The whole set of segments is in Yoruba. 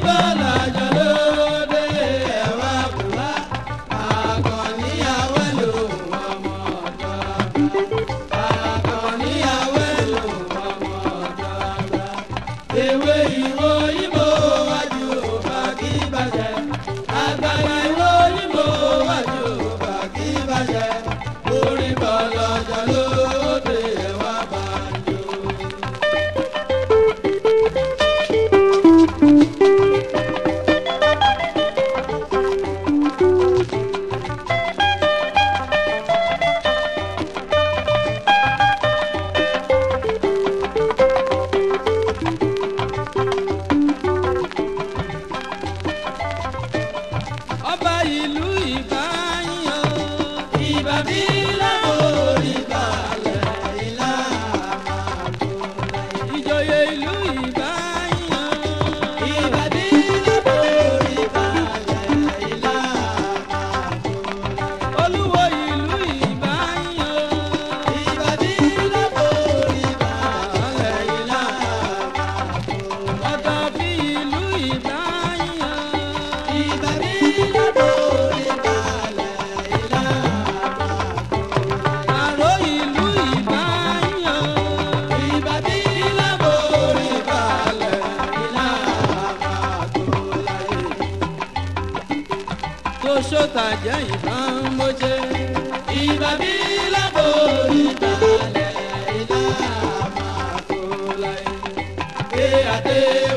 bala jalo. aê, aê.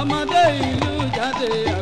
ọmọdé ìlú jáde àná.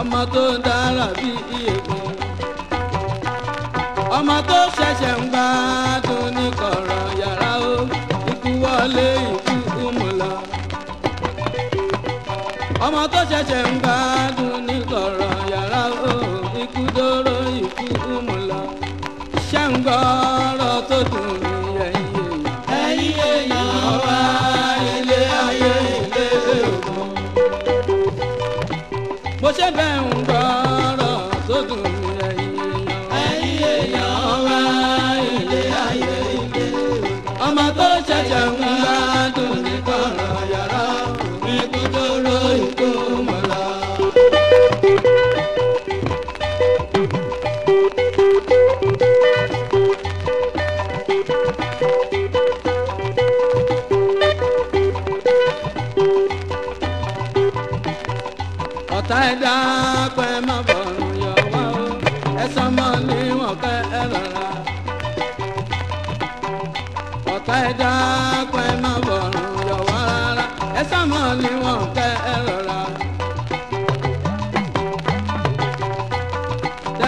ọmọ tó dára bí ìyẹ̀kùn ọmọ tó ṣẹ̀ṣẹ̀ ń gbá tó ní kọ̀rọ̀ yàrá ó ikú wọlé ikú kú mọ̀ lọ ọmọ tó ṣẹ̀ṣẹ̀ ń gbá.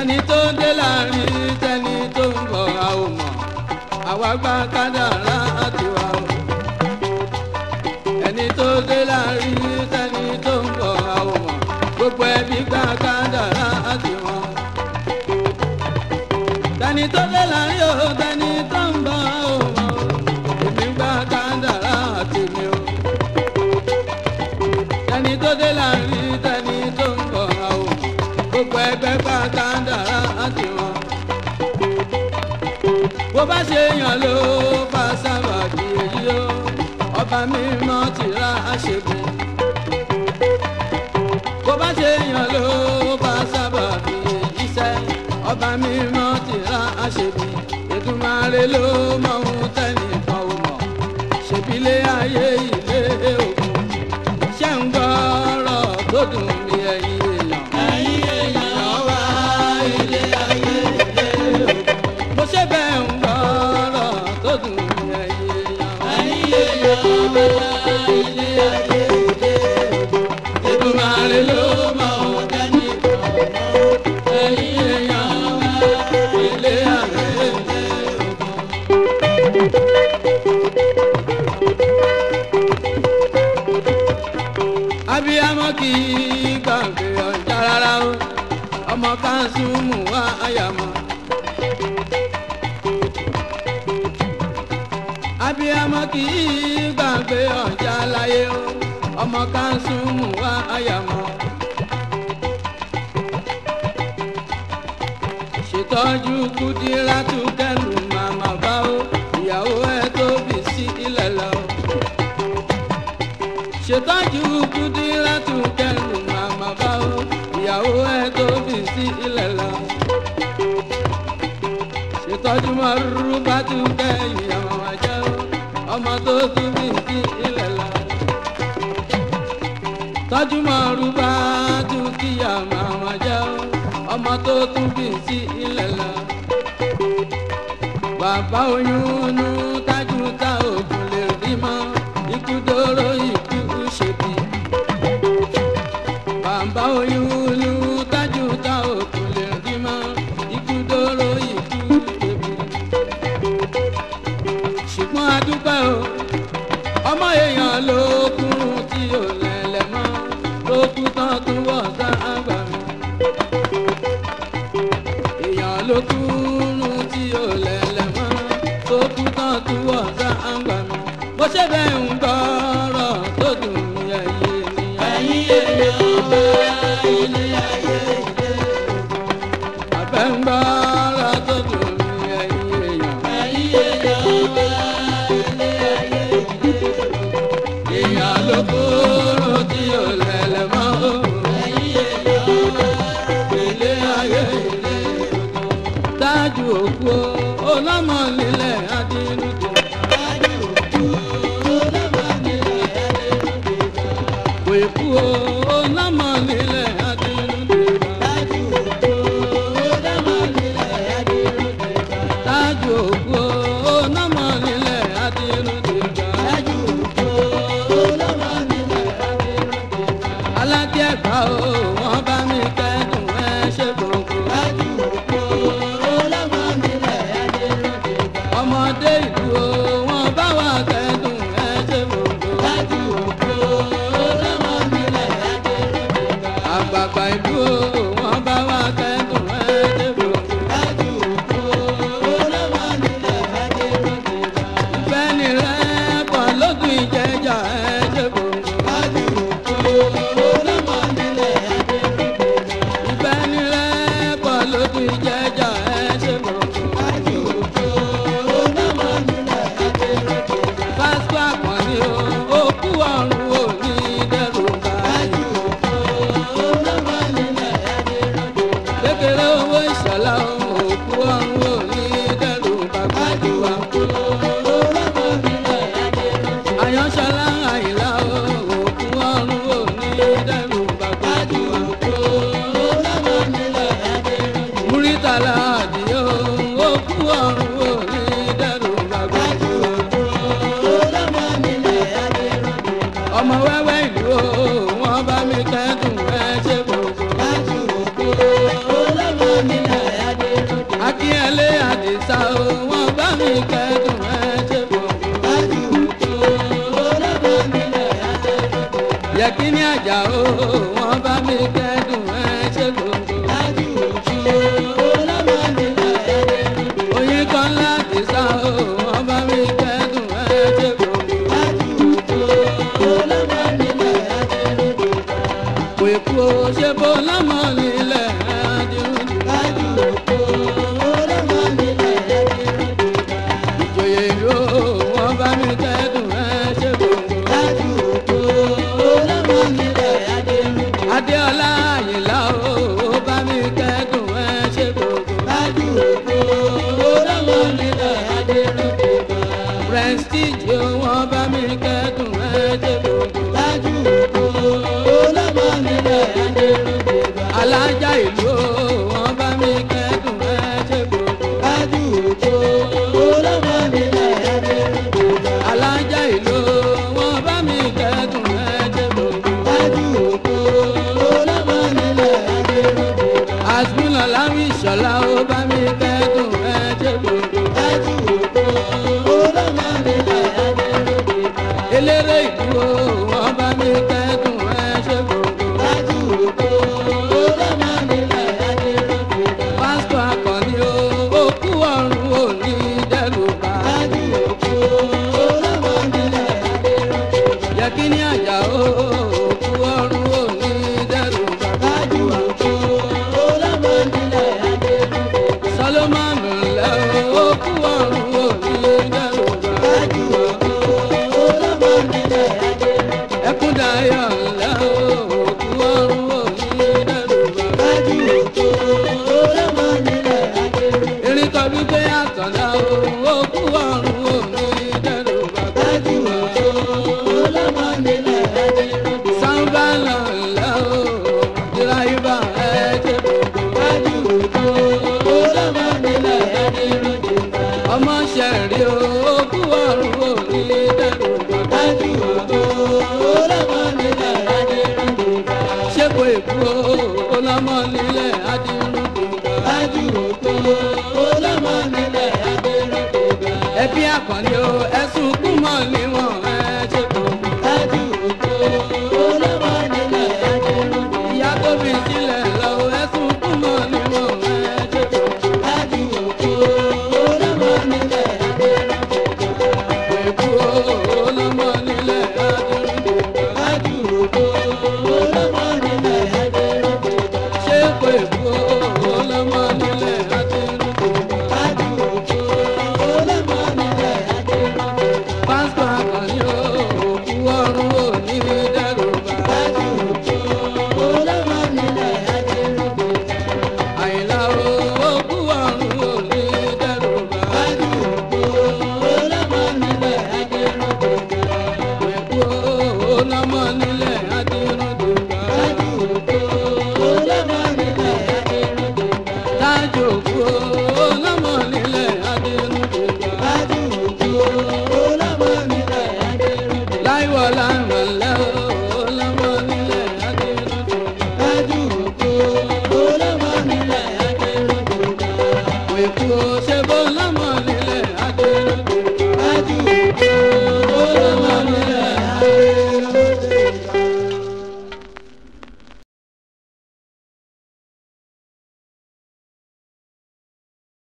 ẹni tó ń dé láàrin tẹni tó ń bọ̀ a ò mọ̀ àwa gba kádàrá tiwa o ẹni tó dé láàrin tẹni tó ń bọ̀ a ò gbogbo ẹbí gba kádàrá tiwọn tẹni tó dé láàrin o tẹni. bó bá ṣe yàn ló bá sábàbí èyí ó ọba mímọ́ tìra àṣegun bó bá ṣe yàn ló bá sábàbí èyí sẹ ọba mímọ́ tìra àṣegun Èdùmàrè ló mọ ohun tẹnìkan ò mọ̀ ṣèbílẹ̀ ayé ilé òkun ṣẹ́ ń gbọ́ ọ̀rọ̀ tó dùn mí. asumu wa ayama. abiyamọ kì í gbàgbé ọjà láyé o ọmọ kan sumu wa ayama. ṣètọ́jú kùdírà tún ká. arúgbádùn kẹyìn àwọn ajá ọmọ tó bí mi kí ilẹ̀ la. tọ́jú mọ́ arúgbádùn kíyà àwọn ajá ọmọ tó tún bí sí ilẹ̀ bàbá oyún nú tájú tá òkú lè rí mọ́ ikú dóró. kú ọ̀sán àgbànú bó ṣe bẹ́ẹ̀ ń gbọ́. Whoa. bàbá ìlú o. walau kuang jẹ́ kí ní àjà ooo. Love. Alman Cavalo